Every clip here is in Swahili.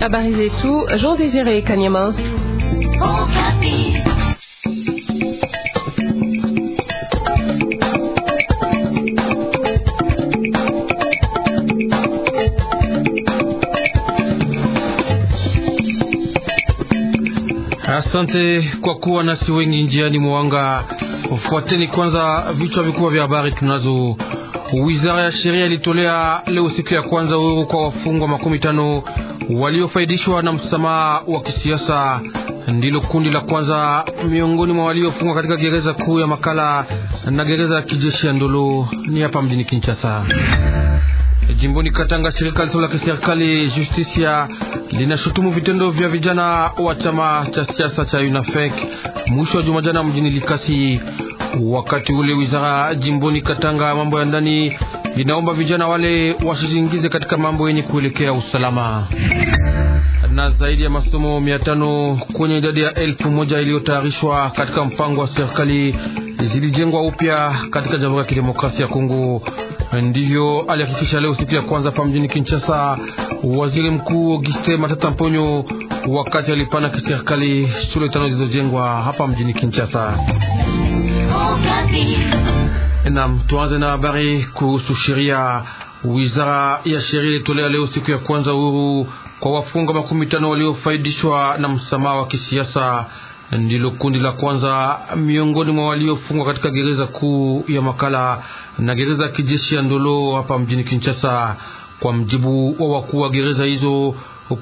Habari zetu Jean Désiré Kanyama. Okapi. Asante kwa kuwa nasi wengi njiani mwanga. Fuateni kwanza vichwa vikubwa vya habari tunazo. Wizara ya sheria ilitolea leo siku ya kwanza uhuru kwa wafungwa makumi tano waliofaidishwa na msamaha wa kisiasa. Ndilo kundi la kwanza miongoni mwa waliofungwa katika gereza kuu ya Makala na gereza ya kijeshi ya Ndolo ni hapa mjini Kinshasa. Jimboni Katanga, shirika lisilo la kiserikali Justisia linashutumu vitendo vya vijana wa chama cha siasa cha UNAFEC mwisho wa juma jana mjini Likasi. Wakati ule wizara jimboni Katanga mambo ya ndani linaomba vijana wale washiingize katika mambo yenye kuelekea usalama na zaidi ya masomo mia tano kwenye idadi ya elfu moja iliyotayarishwa katika mpango wa serikali zilijengwa upya katika Jamhuri ya Kidemokrasia ya Kongo. Ndivyo alihakikisha leo siku ya kwanza pa mjini Kinshasa waziri mkuu Auguste Matata Mponyo wakati alipana kiserikali shule tano zilizojengwa hapa mjini Kinshasa. Nam, tuanze na habari kuhusu sheria. Wizara ya sheria ilitolea leo siku ya kwanza uhuru kwa wafungwa makumi tano waliofaidishwa na msamaha wa kisiasa. Ndilo kundi la kwanza miongoni mwa waliofungwa katika gereza kuu ya Makala na gereza ya kijeshi ya Ndolo hapa mjini Kinshasa. Kwa mjibu wa wakuu wa gereza hizo,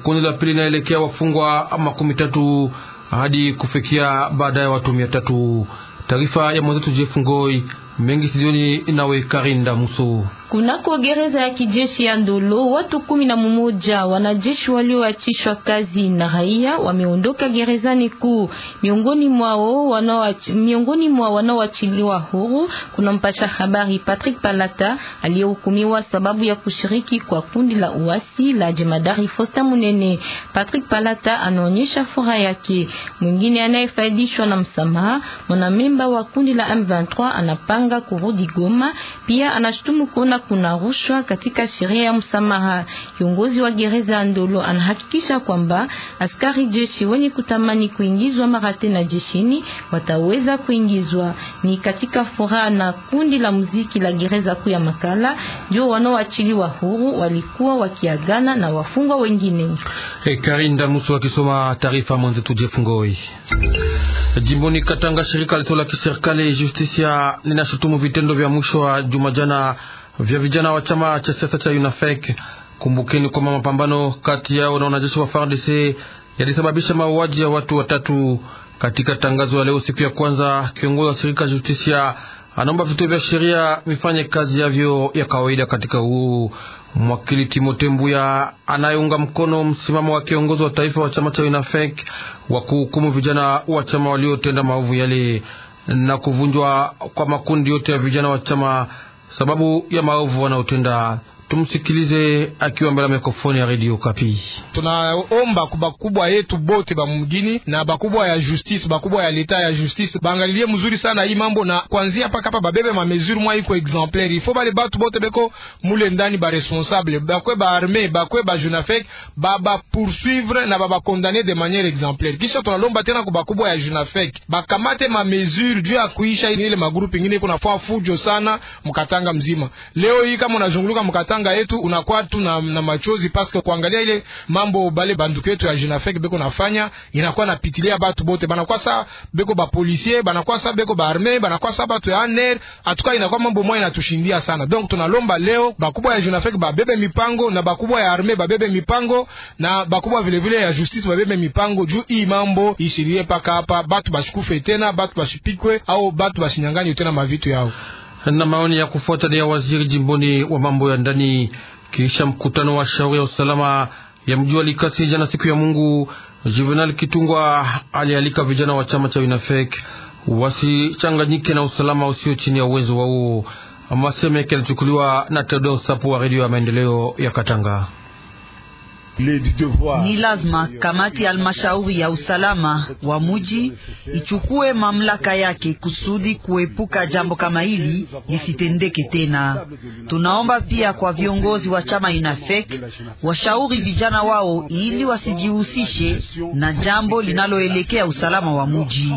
kundi la pili linaelekea wafungwa makumi tatu hadi kufikia baadaye watu mia tatu. Taarifa ya mwenzetu Jeff Ngoi mengi sidioni nawe Karinda Muso. Kunako gereza ya kijeshi ya Ndolo watu kumi na mmoja wanajeshi walioachishwa kazi na raia wameondoka gerezani kuu. Miongoni mwao wanao miongoni mwa wanaoachiliwa huru kuna mpasha habari Patrick Palata aliyehukumiwa sababu ya kushiriki kwa kundi la uasi la jemadari Fosta Munene. Patrick Palata anaonyesha furaha yake. Mwingine anayefaidishwa na msamaha, mwanamemba wa kundi la M23 anapanga kurudi Goma, pia anashutumu kuona kuona kuna rushwa katika sheria ya msamaha. Kiongozi wa gereza Ndolo anahakikisha kwamba askari jeshi wenye kutamani kuingizwa mara tena jeshini wataweza kuingizwa. Ni katika furaha na kundi la muziki la gereza kuu ya Makala ndio wanaoachiliwa huru walikuwa wakiagana na wafungwa wengine. Hey, eh, Karinda Musu akisoma taarifa mwenzetu Jeff Jimboni Katanga, shirika lisilo la kiserikali Justisia linashutumu vitendo vya mwisho wa juma jana vya vijana wa chama cha siasa cha UNAFEC. Kumbukeni kwamba mapambano kati yao na wanajeshi wa FARDC yalisababisha mauaji ya watu watatu. Katika tangazo ya leo siku ya kwanza, kiongozi wa shirika Justisia anaomba vituo vya sheria vifanye kazi yavyo ya kawaida katika uhuru. Mwakili Timote Mbuya anayeunga mkono msimamo wa kiongozi wa taifa wa chama cha UNAFEC wa kuhukumu vijana wa chama waliotenda maovu yale na kuvunjwa kwa makundi yote ya vijana wa chama sababu ya maovu wanaotenda Tumsikilize akiwa mbele ya mikrofoni ya Radio Kapi. Tunaomba kubakubwa yetu bote ba mjini na bakubwa ya justice, bakubwa ya leta ya justice baangalilie mzuri sana hii mambo, na kwanzia paka hapa babebe ma mesure mwa iko exemplaire. Ifo bale batu bote beko mule ndani ba responsable, bakwe ba armée, bakwe ba Junafek, baba poursuivre na baba condamner de manière exemplaire. Kisha tunalomba tena kubakubwa ya Junafek bakamate ma mesure juu ya kuisha ile magrupu ingine kuna fujo sana mkatanga mzima. Leo hii kama unazunguluka mkatanga franga yetu unakuwa tu na, na machozi paske kuangalia ile mambo bale banduku yetu ya Jenafek beko nafanya inakuwa napitilia batu bote banakuwa sa beko ba policier banakuwa sa beko ba arme banakuwa sa batu ya aner atuka inakuwa mambo moja inatushindia sana. Donc tunalomba leo bakubwa ya Jenafek babebe mipango na bakubwa ya arme babebe mipango na bakubwa vile vile ya justice babebe mipango juu hii mambo ishirie paka hapa, batu basikufe tena, batu basipikwe au batu basinyanganywe tena mavitu yao na maoni ya kufuata ya waziri jimboni wa mambo ya ndani kisha mkutano wa shauri ya usalama ya mji wa Likasi jana siku ya Mungu. Juvenal Kitungwa alialika vijana wa chama cha Winafek wasichanganyike na usalama usio chini ya uwezo wao. Maseme yake yalichukuliwa na Tedo Sapu wa redio ya maendeleo ya Katanga. Ni lazima kamati ya halmashauri ya usalama wa muji ichukue mamlaka yake kusudi kuepuka jambo kama hili lisitendeke tena. Tunaomba pia kwa viongozi wa chama UNAFEC washauri vijana wao ili wasijihusishe na jambo linaloelekea usalama wa muji.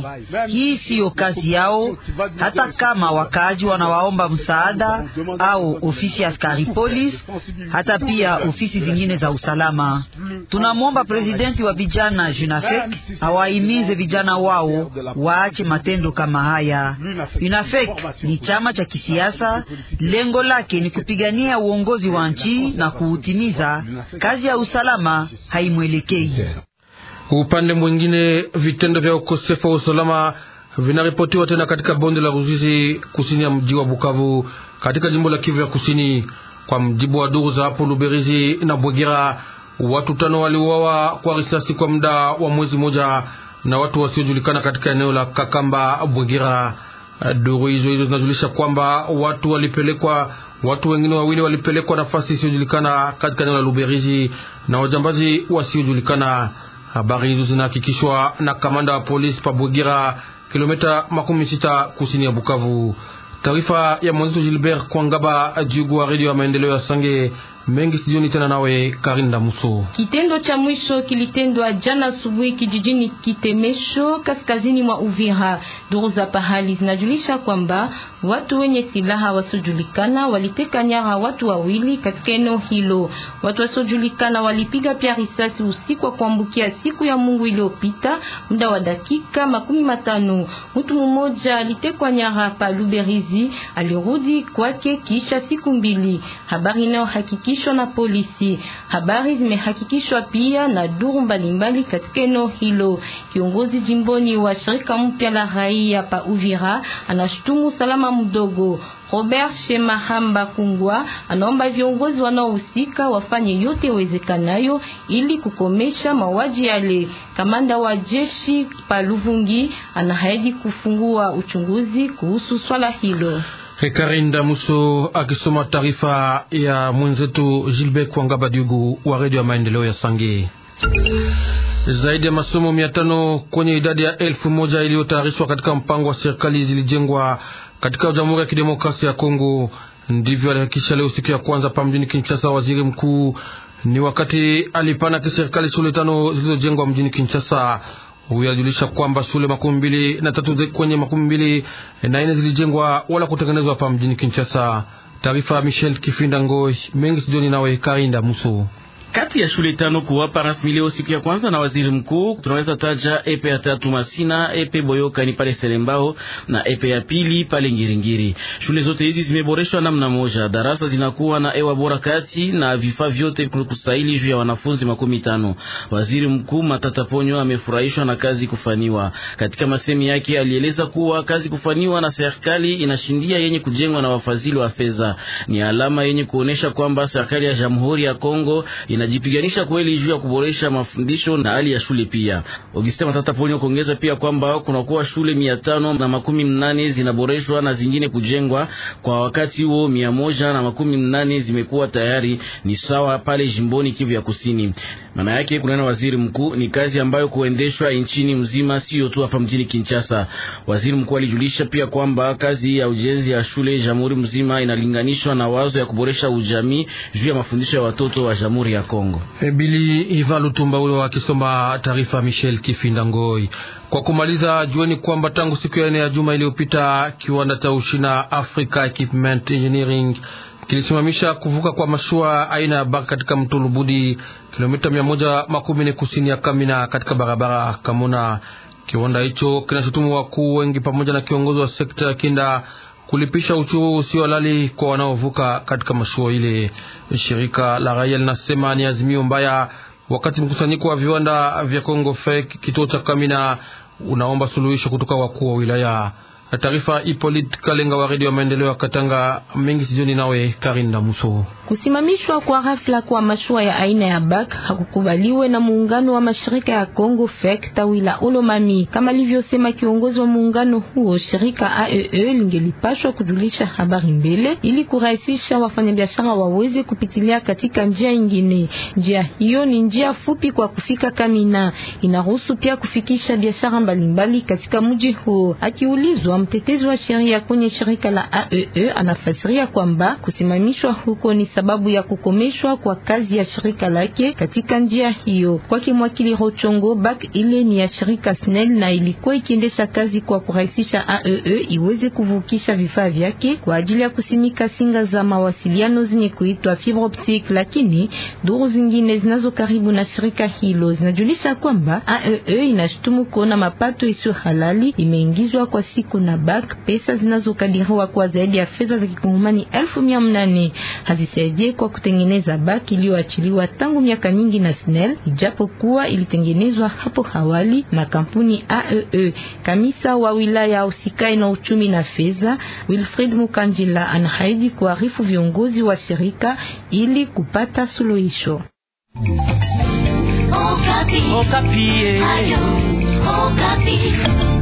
Hii siyo kazi yao, hata kama wakaaji wanawaomba msaada au ofisi ya askari hata pia ofisi zingine za usalama. Tunamwomba prezidenti wa vijana Junafek awahimize vijana wao waache matendo kama haya. Junafek ni chama cha kisiasa, lengo lake ni kupigania uongozi wa nchi na kuutimiza. Kazi ya usalama haimwelekei. Upande mwingine, vitendo vya ukosefu wa usalama vinaripotiwa tena katika bonde la Ruzizi kusini ya mji wa Bukavu katika jimbo la Kivu ya Kusini, kwa mjibu wa duru za hapo Luberizi na Bwegera watu tano waliuawa kwa risasi kwa muda wa mwezi mmoja na watu wasiojulikana katika eneo la Kakamba Bwegira. Duru hizo hizo zinajulisha kwamba watu walipelekwa watu wengine wawili walipelekwa nafasi isiyojulikana katika eneo la Luberizi na wajambazi wasiojulikana. Habari hizo zinahakikishwa na kamanda wa polisi pa Bwegira, kilomita makumi sita kusini ya Bukavu. Taarifa ya mwandishi Gilbert Kwangaba Jugu wa redio ya maendeleo ya Sange mengi sijoni tena nawe Karinda Muso. Kitendo cha mwisho kilitendwa jana asubuhi kijijini Kitemesho kaskazini mwa Uvira. Duru za pahali zinajulisha kwamba watu wenye silaha wasiojulikana waliteka nyara watu wawili katika eneo hilo. Watu wasiojulikana walipiga pia risasi usiku wa kuambukia siku ya Mungu iliyopita muda wa dakika makumi matano. Mtu mmoja alitekwa nyara pa Luberizi, alirudi kwake kisha siku mbili. Habari hakikisha kuhusishwa na polisi. Habari zimehakikishwa pia na duru mbalimbali katika eneo hilo. Kiongozi jimboni wa shirika mpya la raia pa Uvira anashutumu usalama mdogo. Robert Shemahamba Kungwa anaomba viongozi wanaohusika wafanye yote wezekanayo ili kukomesha mauaji yale. Kamanda wa jeshi pa Luvungi anahaidi kufungua uchunguzi kuhusu swala hilo. Karinda Muso akisoma taarifa ya mwenzetu Gilbert Kwangaba Diugu wa redio ya maendeleo ya Sange. Zaidi ya masomo mia tano kwenye idadi ya elfu moja iliyotayarishwa katika mpango wa serikali zilijengwa katika Jamhuri ya Kidemokrasia ya Kongo. Ndivyo alihakikisha leo siku ya kwanza pa mjini Kinshasa waziri mkuu, ni wakati alipana kiserikali shule tano zilizojengwa mjini Kinshasa. Huyo alijulisha kwamba shule makumi mbili na tatu kwenye makumi mbili na ine zilijengwa wala kutengenezwa hapa mjini Kinshasa. Taarifa ya Michel Kifinda Ngoi mengi sijoni nawe Karinda Musu. Kati ya shule tano kuwapa rasmi leo siku ya kwanza na waziri mkuu, tunaweza taja epe ya tatu Masina, epe Boyoka ni pale Selembao na epe ya pili pale Ngiringiri. Shule zote hizi zimeboreshwa namna moja, darasa zinakuwa na ewa bora kati na vifaa vyote kustahili juu ya wanafunzi makumi tano. Waziri mkuu Matata Ponyo amefurahishwa na kazi kufaniwa. Katika masemi yake alieleza kuwa kazi kufaniwa na serikali inashindia yenye kujengwa na wafadhili wa fedha, ni alama yenye kuonesha kwamba serikali ya Jamhuri ya Kongo inajipiganisha kweli juu ya kuboresha mafundisho na hali ya shule pia. Augustin Matata Ponyo kuongeza pia kwamba kunakuwa shule mia tano na makumi mnane zinaboreshwa na zingine kujengwa kwa wakati huo, mia moja na makumi mnane zimekuwa tayari, ni sawa pale jimboni Kivu ya Kusini. Maana yake kunena waziri mkuu, ni kazi ambayo kuendeshwa nchini mzima, sio tu hapa mjini Kinshasa. Waziri mkuu alijulisha pia kwamba kazi ya ujenzi ya shule jamhuri mzima inalinganishwa na wazo ya kuboresha ujamii juu ya mafundisho ya watoto wa jamhuri ya Kongo. Ebili eh, Iva Lutumba huyo akisoma taarifa Michel Kifinda Ngoi. Kwa kumaliza, jueni kwamba tangu siku ya nne ya juma iliyopita kiwanda cha Ushina Africa Equipment Engineering kilisimamisha kuvuka kwa mashua aina ya bak katika mto Lubudi, kilomita mia moja makumi ne kusini ya Kamina katika barabara Kamona. Kiwanda hicho kinashutumu wakuu wengi pamoja na kiongozi wa sekta ya kinda kulipisha uchuru usio halali kwa wanaovuka katika mashua ile. Shirika la raia linasema ni azimio mbaya, wakati mkusanyiko wa viwanda vya Kongo FEC kituo cha Kamina unaomba suluhisho kutoka wakuu wa wilaya. Taarifa Ipolit Kalenga wa redio ya maendeleo ya Katanga mengi sijoni, nawe Karinda Muso. Kusimamishwa kwa ghafla kwa mashua ya aina ya bak hakukubaliwe na muungano wa mashirika ya Kongo FEC tawila Olomami. Kama alivyosema kiongozi wa muungano huo, shirika AEE e lingelipashwa kujulisha habari mbele ili kurahisisha wafanyabiashara waweze kupitilia katika njia nyingine. Njia hiyo ni njia fupi kwa kufika Kamina, inaruhusu pia kufikisha biashara mbalimbali katika mji huo. Akiulizwa, mtetezi wa sheria kwenye shirika la AEE e anafasiria kwamba kusimamishwa huko ni sababu ya kukomeshwa kwa kazi ya shirika lake katika njia hiyo. Kwake mwakili Rochongo bak ile ni ya shirika SNEL na ilikuwa ikiendesha kazi kwa kurahisisha AEE e iweze kuvukisha vifaa vyake kwa ajili ya kusimika singa za mawasiliano zenye kuitwa fibre optique, lakini duru zingine zinazo karibu na shirika hilo zinajulisha kwamba AEE e inashutumu kuona mapato isiyo halali imeingizwa kwa siku na bak pesa zinazokadiriwa kwa zaidi ya fedha za kikongomani elfu mia Bombardier kwa kutengeneza baki iliyoachiliwa tangu miaka nyingi na SNEL, ijapokuwa ilitengenezwa hapo hawali na kampuni AEE. E. Kamisa wa wilaya usikae na uchumi na fedha Wilfred Mukanjila anahaidi kuarifu viongozi wa shirika ili kupata suluhisho. Okapi. Okapi. Eh.